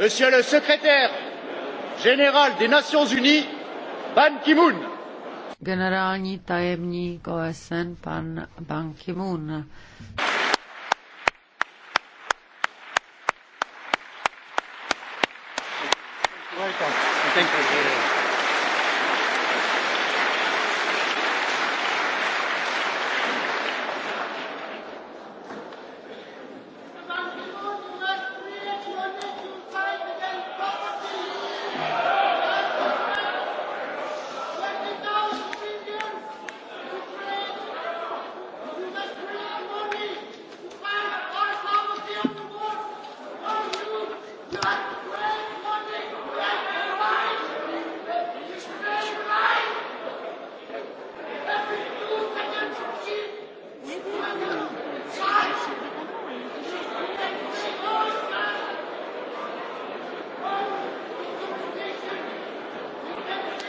monsieur le secrétaire général des Nations Unies, Ban Ki-moon. Generální tajemník OSN, pan Ban Ki-moon. Thank you.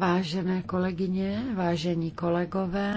Vážené kolegyně, vážení kolegové,